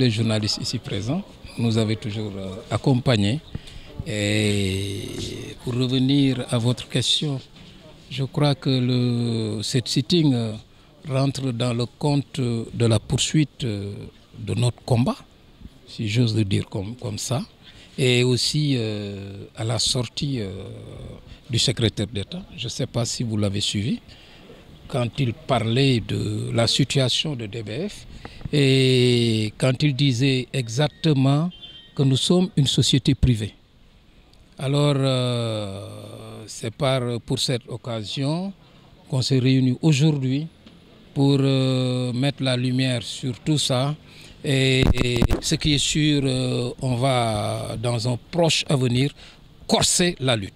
les journalistes ici présents nous avaient toujours euh, accompagnés. Et pour revenir à votre question, je crois que le, cette sitting euh, rentre dans le compte de la poursuite euh, de notre combat, si j'ose le dire comme, comme ça, et aussi euh, à la sortie euh, du secrétaire d'État. Je ne sais pas si vous l'avez suivi, quand il parlait de la situation de DBF Et quand il disait exactement que nous sommes une société privée. Alors, euh, c'est par, pour cette occasion qu'on s'est réunis aujourd'hui pour euh, mettre la lumière sur tout ça. Et, et ce qui est sûr, euh, on va, dans un proche avenir, corser la lutte.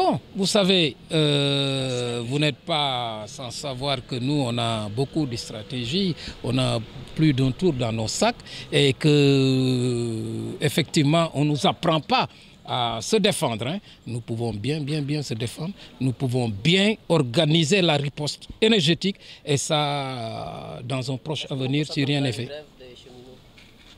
Bon, vous savez, euh, vous n'êtes pas sans savoir que nous, on a beaucoup de stratégies, on a plus d'un tour dans nos sacs et que effectivement, on ne nous apprend pas à se défendre. Hein. Nous pouvons bien, bien, bien se défendre. Nous pouvons bien organiser la riposte énergétique et ça, dans un proche avenir, si rien n'est fait.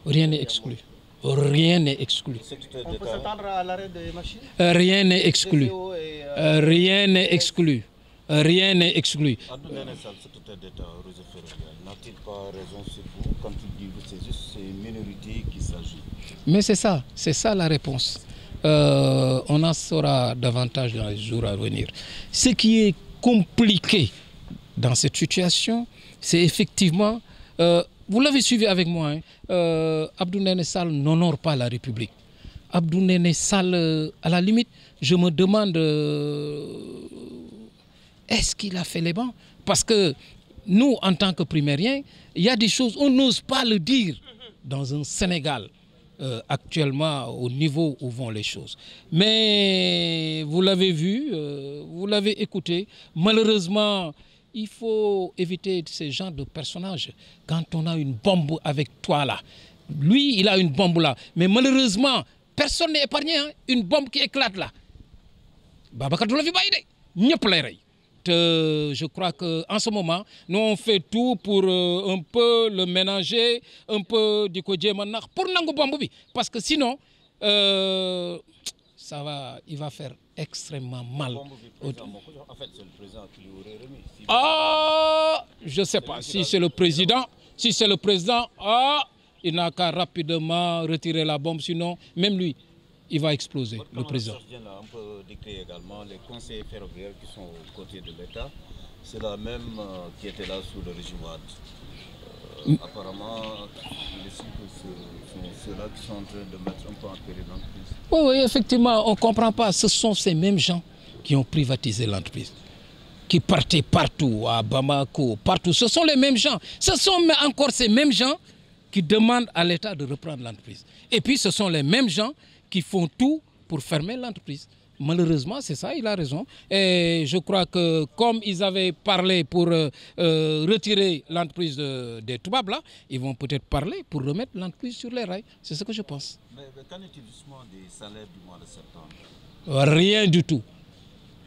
Rien n'est exclu. Rien n'est exclu. On peut s'attendre à l'arrêt des machines euh, Rien n'est exclu. Euh, euh, rien n'est exclu. Rien n'est exclu. secrétaire d'État n'a-t-il pas raison sur vous quand il dit que c'est juste une minorité qui s'agit Mais c'est ça, c'est ça la réponse. Euh, on en saura davantage dans les jours à venir. Ce qui est compliqué dans cette situation, c'est effectivement euh, Vous l'avez suivi avec moi. Hein. Euh, Abdou Nene Sall n'honore pas la République. Abdou Nene Sall, euh, à la limite, je me demande, euh, est-ce qu'il a fait les bancs Parce que nous, en tant que primériens, il y a des choses, on n'ose pas le dire dans un Sénégal euh, actuellement au niveau où vont les choses. Mais vous l'avez vu, euh, vous l'avez écouté. Malheureusement, il faut éviter ce genre de personnage quand on a une bombe avec toi là lui il a une bombe là mais malheureusement personne n'est une bombe qui éclate là Babacar du la fi bàyyi de ñëpp lay rey je crois que en ce moment nous on fait tout pour euh, un peu le ménager un peu di ko jéem a nax pour nangu bombe bi parce que sinon euh, ça va il va faire extrêmement mal. Ah, je sais pas si c'est le président, si c'est le président, ah, il n'a qu'à rapidement retirer la bombe, sinon même lui, il va exploser, Votre le président. Là, on peut décrire également les conseillers ferroviaires qui sont aux côtés de l'État. C'est la même euh, qui était là sous le régime Wade. Mm. Apparemment, les sont, ceux-là qui sont en train de mettre un peu en péril l'entreprise. Oui, oui, effectivement, on ne comprend pas. Ce sont ces mêmes gens qui ont privatisé l'entreprise qui partaient partout, à Bamako, partout. Ce sont ces mêmes gens qui demandent à l'État de reprendre l'entreprise. Et puis, ce sont les mêmes gens qui font tout pour fermer l'entreprise. malheureusement, c'est ça, il a raison. Et je crois que comme ils avaient parlé pour euh, euh retirer l'entreprise de, des Toubab, là, ils vont peut-être parler pour remettre l'entreprise sur les rails. C'est ce que je pense. Mais, mais qu'en est-il justement des salaires du mois de septembre Rien du tout.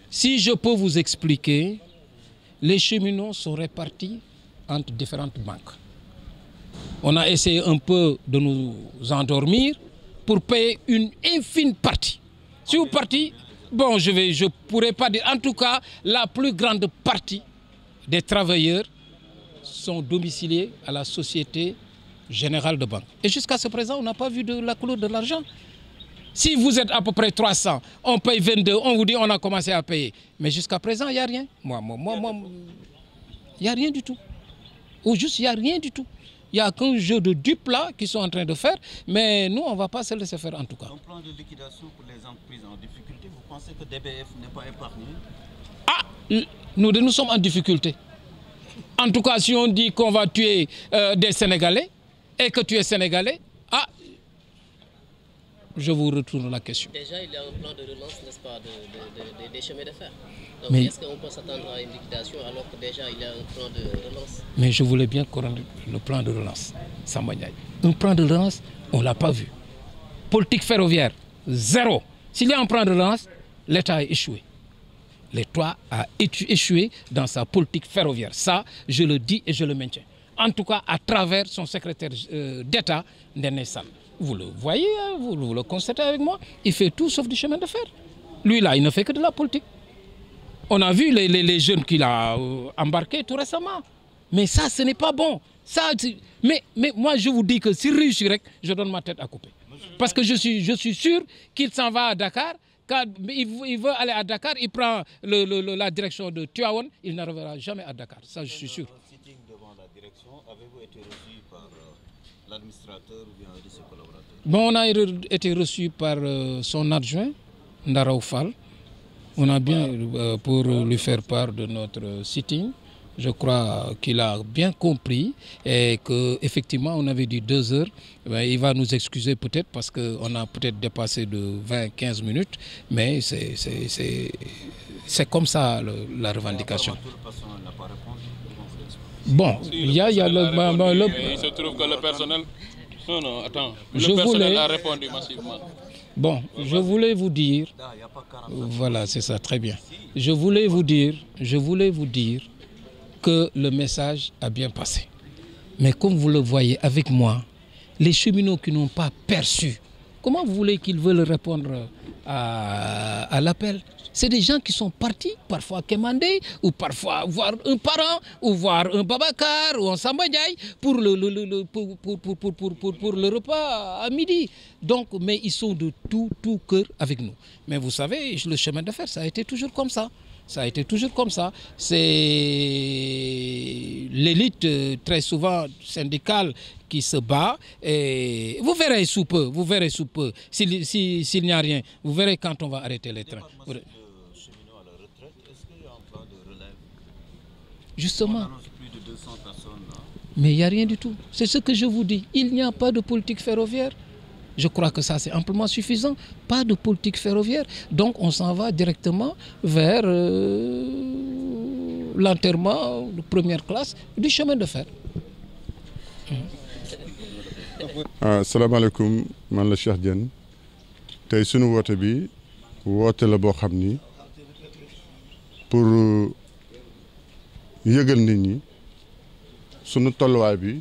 Si je peux vous expliquer, les cheminots sont répartis entre différentes banques. On a essayé un peu de nous endormir pour payer une infime partie. Si vous ah, partez, bon, je vais, je pourrais En tout cas, la plus grande partie des travailleurs sont domiciliés à la Société Générale de Banque. Et n'a pas vu de la de l'argent. Si vous êtes à peu près 300, on paye 22, on vous dit commencé à payer. Mais jusqu'à présent, il n'y a rien. Moi, moi, moi, moi, il n'y a Il n'y a qu'un jeu de dupes là qu'ils sont en train de faire, mais nous, on ne va pas se laisser faire en tout cas. Un plan de liquidation pour les entreprises en difficulté, vous pensez que DBF n'est pas épargné Ah, nous, nous sommes en difficulté. En tout cas, si on dit qu'on va tuer euh, des Sénégalais et que tu es Sénégalais, je vous retourne la question. Déjà, il un plan de relance, n'est-ce pas, de, de, de, fer. Donc, est-ce qu'on y a un plan de relance Mais je voulais bien qu'on le plan de relance, Samba Un de on ne l'a pas vu. Politique ferroviaire, zéro. S'il y a un plan de relance, l'État a échoué. L'État a dans sa politique ferroviaire. Ça, je le dis et je le maintiens. en tout cas à travers son secrétaire euh, d'État, Ndene Sall. Vous le voyez, vous, vous le constatez avec moi, il fait tout sauf du chemin de fer. Lui, là, il ne fait que de la politique. On a vu les, les, les jeunes qu'il a euh, embarqués tout récemment. Mais ça, ce n'est pas bon. Ça, mais, mais moi, je vous dis que si réussir, je donne ma tête à couper. Parce que je suis, je suis sûr qu'il s'en va à Dakar. Quand il veut aller à Dakar, il prend le, le, la direction de Tuaon, il ne reviendra jamais à Dakar. Ça, je suis sûr. élection, avez par euh, l'administrateur ou bien de ses collaborateurs a été par euh, son adjoint, Ndaraou euh, pour lui faire part de notre sitting, je crois qu'il a bien compris et que effectivement on avait dit deux heures. il va nous excuser peut-être parce qu'on a peut-être dépassé de 20-15 minutes, mais c'est comme ça le, la revendication. Bon, il y a, y a le, a bah, bah, le... Il se trouve que le personnel... Non, non, attends. Le je personnel voulais... a répondu massivement. Bon, je voulais vous dire... Voilà, c'est ça, très bien. Je voulais vous dire, je voulais vous dire que le message a bien passé. Mais comme vous le voyez avec moi, les cheminots qui n'ont pas perçu, comment vous voulez qu'ils veulent répondre à, à l'appel c'est des gens qui sont partis, parfois Kemandé, ou parfois voir un parent, ou voir un Babacar, ou un Sambadjaï, pour le, le, le, le pour, pour, pour, pour, le repas à midi. Donc, mais ils sont de tout, tout cœur avec nous. Mais vous savez, le chemin de fer, ça toujours comme ça. toujours comme ça. C'est l'élite euh, très souvent syndicale qui se bat. Et vous verrez sous peu, vous verrez sous peu, s'il si, si, n'y a rien, vous verrez quand on va arrêter les trains. retraite, est-ce qu'il y a un Justement. Mais il rien du tout. C'est ce que je vous dis. Il n'y a pas de politique ferroviaire. Je crois que ça, c'est amplement suffisant. Pas de politique ferroviaire. Donc, on s'en va directement vers euh, l'enterrement de première classe du chemin de fer. Euh, salaamaaleykum man la Cheikh Diène tey sunu woote bi woote la boo xam ni pour euh, yëgal nit ñi sunu tolluwaay bi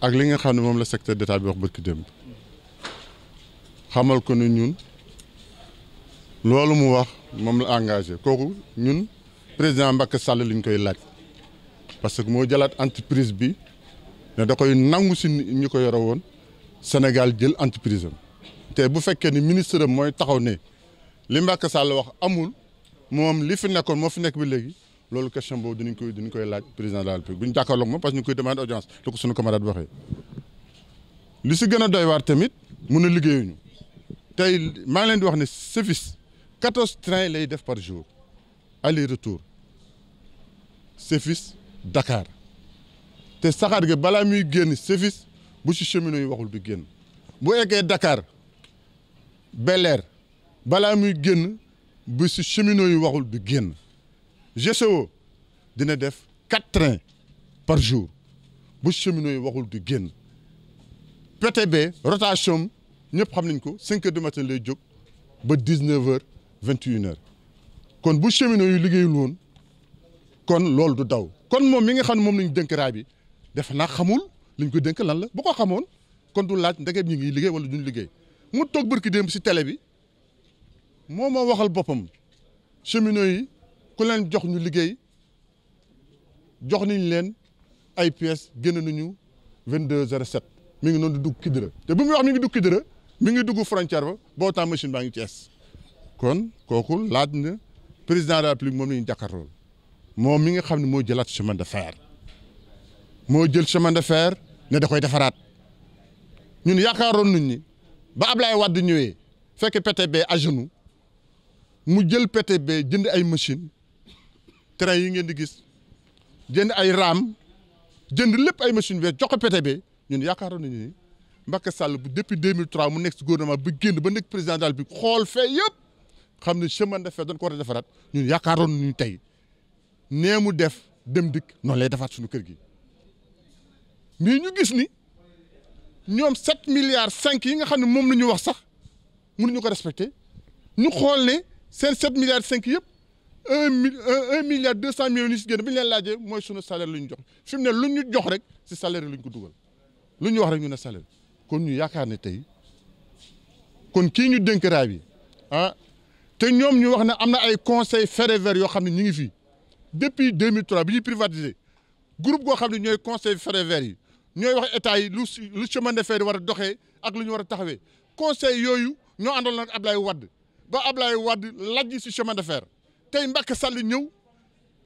ak li nga xam ne moom la secteur d'état bi wax bërki démb xamal ko ne ñun loolu mu wax moom la engagé kooku ñun président Macky Sall liñ koy laaj parce que moo jalaat entreprise bi ne da koy nangu si ñu ko yore woon Sénégal jël entreprise am te bu fekkee ni ministre am mooy taxaw ne li Macky Sall wax amul moom li fi nekkoon moo fi nekk bi léegi loolu question boobu dinañ koy dinañ koy laaj président de la République bu ñu jàkkaarloog moom parce que ñu koy demande audience lu ko suñu camarade bi waxee. li si gën a doy waar tamit mun a ñu tey maa leen di wax ni service quatorze trains lay def par jour aller retour service Dakar te saxaat gi balaa muy génn service bu si semino yi waxul du génn bu eggee Dakar Bel balaa muy génn. bu si cheminots yi waxul du génn GCO dina def quatre trains par jour bu semino yi waxul du génn PTB rotation ñëpp xam nañ ko cinq heures du matin lay jóg ba dix neuf heures vingt kon bu cheminots yi liggéey woon kon loolu du daw kon moom mi nga xam ne moom lañ dënk raay bi def naa xamul liñ ko denk lan la boo ko xamoon kon du laaj ndege ñi ngi liggéey wala duñ liggéey mu toog barki démb si télé bi. moo moo waxal boppam cheminots yi ku leen jox ñu liggéey jox nañ leen ay pièces génn nañu 22h07 mi ngi noonu di dugg Kidira te bu mu wax mi ngi dugg Kidira mi ngi dugg frontière ba boo temps machine baa ngi kon kooku laaj na président de la République moom la ñu jàkkaarlool moom mi nga xam ni moo jëlaat semaine de fer moo jël semaine de fer ne da koy defaraat ñun yaakaaroon nañ ni ba Ablaye Wade ñëwee fekk PTB à genoux mu jël pete PTB jënd ay machine train yi ngeen di gis jënd ay raam jënd lépp ay machine be jox ko PTB ñun yaakaaroon nañu ni Macky Sall bu depuis 2003 mu nekk si gouvernement bi génn ba nekk président daal bi xool fee yëpp xam ne chemin de fer dañ ko war a defaraat ñun yaakaaroon nañu tey nee mu def dem dikk noonu lay defaat suñu kër gi mais ñu gis ni ñoom 7 milliards 5 yi nga xam ne moom la ñu wax sax mënuñu ko respecté ñu xool ne. seen sept milliards cinq yëpp un mille un milliard deux cent millions yi si génn bi ñu leen laajee mooy sunu salaire lu ñu jox fi mu lu ñu jox rek si salaire lu ñu ko dugal lu ñu wax rek ñu ne salaire kon ñu yaakaar ne tey kon kii ñu dénk bi ah te ñoom ñu wax ne am na ay conseil ferroviaire yoo xam ne ñu ngi fii depuis 2003 bi ñuy privatiser groupe goo xam ne ñooy conseil ferroviaire yi ñooy wax état yi lu lu chemin de fer war a doxee ak lu ñu war a taxawee conseil yooyu ñoo àndal nag Ablaye Wade ba Ablaye Wade lajj si chemin de fer tey Macky Sall ñëw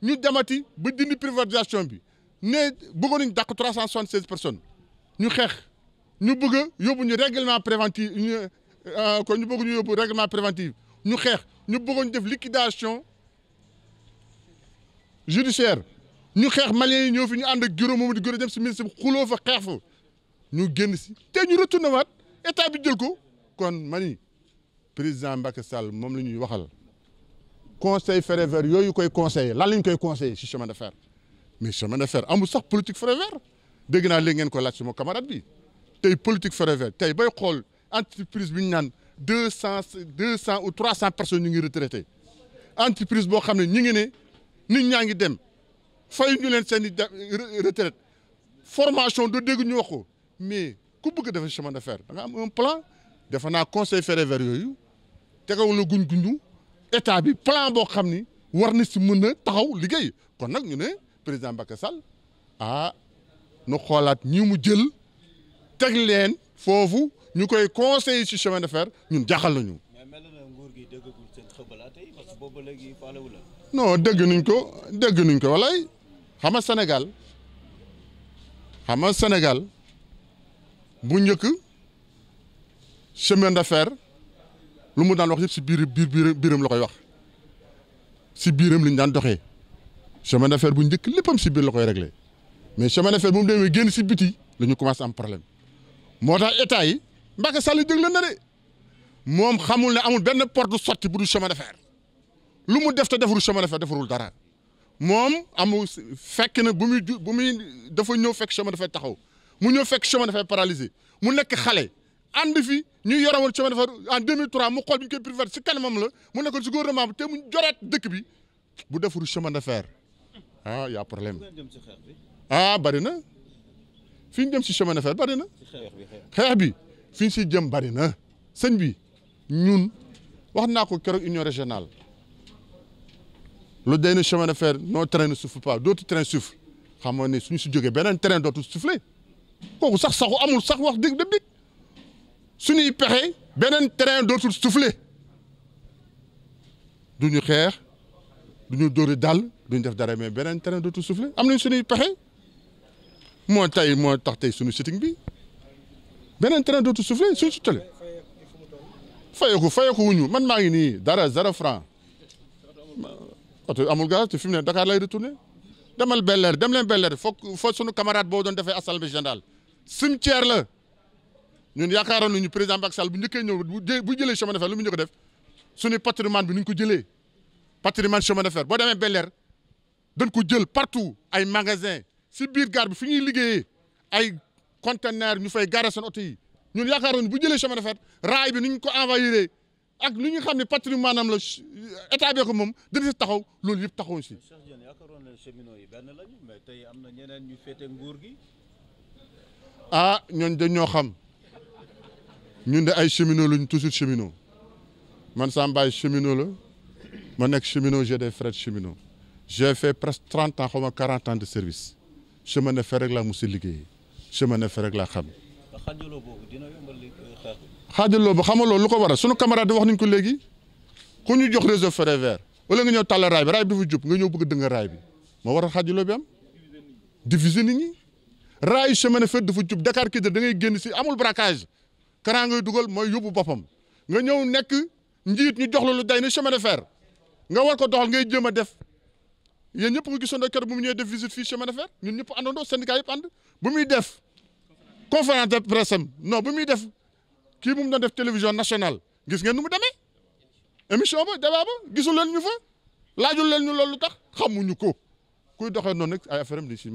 ñu jamati ba dindi privatisation bi ne bëggoon nañu dàq trois cent soixante seize personnes ñu xeex ñu bëgg a yóbbu ñu ñu euh, kon ñu bëgg ñu yóbbu ñu xeex ñu bëggoon def liquidation judiciaire ñu xeex maliens yi ñëw fi ñu ànd ak juróom moomu di gën dem si ministre bi xuloo fa xeex fa ñu génn si te ñu retourné waat état bi jël ko kon mani président Macky Sall moom la ñuy waxal conseil ferré vert yooyu koy conseillé lan la koy conseillé si chemin de fer mais chemin de fer amul sax politique ferré vert dégg naa léegi ngeen ko laaj sama camarade bi tey politique ferré vert tey bay xool entreprise bi ñu naan deux cent deux cent ou trois cent personnes ñu ngi retraité entreprise boo xam ne ñu ngi ne nit ñaa ngi dem fay ñu leen seen i retraite formation doo dégg ñu wax ko mais ku bëgg a defar chemin de fer da nga am un plan. defe naa conseil ferroviaire yooyu tegaw la guñ guñ état bi plan boo xam ni war na si mën a taxaw liggéey kon nag ñu ne président Macky sal ah nu xoolaat ñi mu jël teg leen foofu ñu koy conseiller si chemin de fer ñun jaaxal nañu. mais mel gi déggaguñ seen xëbalaate léegi faalewu la. non dégg nuñ ko dégg nuñ ko walay xam senegal Sénégal xam bu njëkk. chemin de fer lu mu daan wax yëpp si biir biir biiram la koy wax si biiram li ñu daan doxee chemin de fer bu njëkk léppam si biir la koy mais chemin de fer bu mu demee génn si biti la ñu commencé am problème moo tax état yi Mbacke Sall jëg leen na de moom xamul ne amul benn porte sotti bu dul chemin fer lu mu def te defarul chemin de defarul dara moom amul fekk na bu muy bu muy dafa ñëw fekk chemin de fer taxaw mu ñëw fekk chemin de mu nekk xale. ànd fi ñu yorowoon chemin de fer en 2003 mu xool bi ñu koy privé si kanamam la mu nekkoon si gouvernement bi te mu joreet dëkk bi bu defuru chemin de fer ah y' a problème ah bari na fi ñu jëm si chemin de fer bari na. xeex bi fi si jëm bari na sëñ bi ñun wax naa ko keroog union régional lu day na chemin de fer non train ne souffle pas d'autres trains soufflent xam nga ne suñu si jógee beneen train dootul souffler kooku sax saxu amul sax wax dëgg dëgg. suñuy pexe beneen terrain dootul soufflé du ñu xeex du ñu dóori dàll du def dara mais beneen terrain dootul soufflé am nañ suñuy pexe moo tey moo tax tey suñu sitting bi beneen terrain dootul soufflé suñu suttale fayeeku fayeeku wuñu man maa ngi nii dara zéro franc oto amul gaz te fi mu ne Dakar lay retourné demal belleer dem leen belleer foog foo suñu camarade boo doon defee assemblée générale cimetière la ñun yaakaaroon nañu président Macky Sall bu njëkkee ñëw bu jëlee chemin de fer lu mu njëkk def ñu ko jëlee patrimoine chemin de fer boo demee Bel Air dañ ko jël partout ay magasin si biir gare bi fi ñuy liggéeye ay conteneur ñu fay garé seen oto yi ñun yaakaaroon bu jëlee chemin de fer raay bi ni ñu ko envahiré ak lu ñu xam ne patrimoine am la état bee ko moom dina si taxaw loolu yëpp taxaw si. Cheikh Diène yaakaaroon na yi benn lañu mais tey am na ñeneen ñu féete nguur gi. ah ñooñu dañ ñoo xam. ñun de ay cheminots ñu toujours semino man sama baay cheminot la ma nekk semino j'ai des frères cheminots j'ai fait presque trente ans xaw ma quarante de service chemin de fer rek laa mos a liggéey chemin de laa xam. xaajaloo boobu dina yombal euh, xeex xaajaloo boobu nga loolu lu ko waral sunu camarade wax nañ ko léegi ku ñu jox réseau ferré vert wala nga ñëw tàll raay bi raay bi dafa jub nga ñëw bëgg a dëng raay bi moo war xaajaloo bi am diviser nit ñi raayu chemin de fer dafa jub Dakar kii da ngay génn si amul braquage. karaa ngay dugal mooy yóbbu boppam nga ñëw nekk njiit ñu jox la lu day ni chemin de fer nga war ko doxal ngay jéem a def yéen ñëpp nga gisoon kër bu mu ñëwee de fer ñun ñëpp àndandoo syndicat yëpp ànd bu muy def conférence de presse am non bu muy def kii bu mu doon def télévision nationale gis ngeen nu mu demee émission ba débat ba gisul leen ñu fa laajul leen ñu loolu tax xamuñu ko ku doxee noonu nag ay affaire am di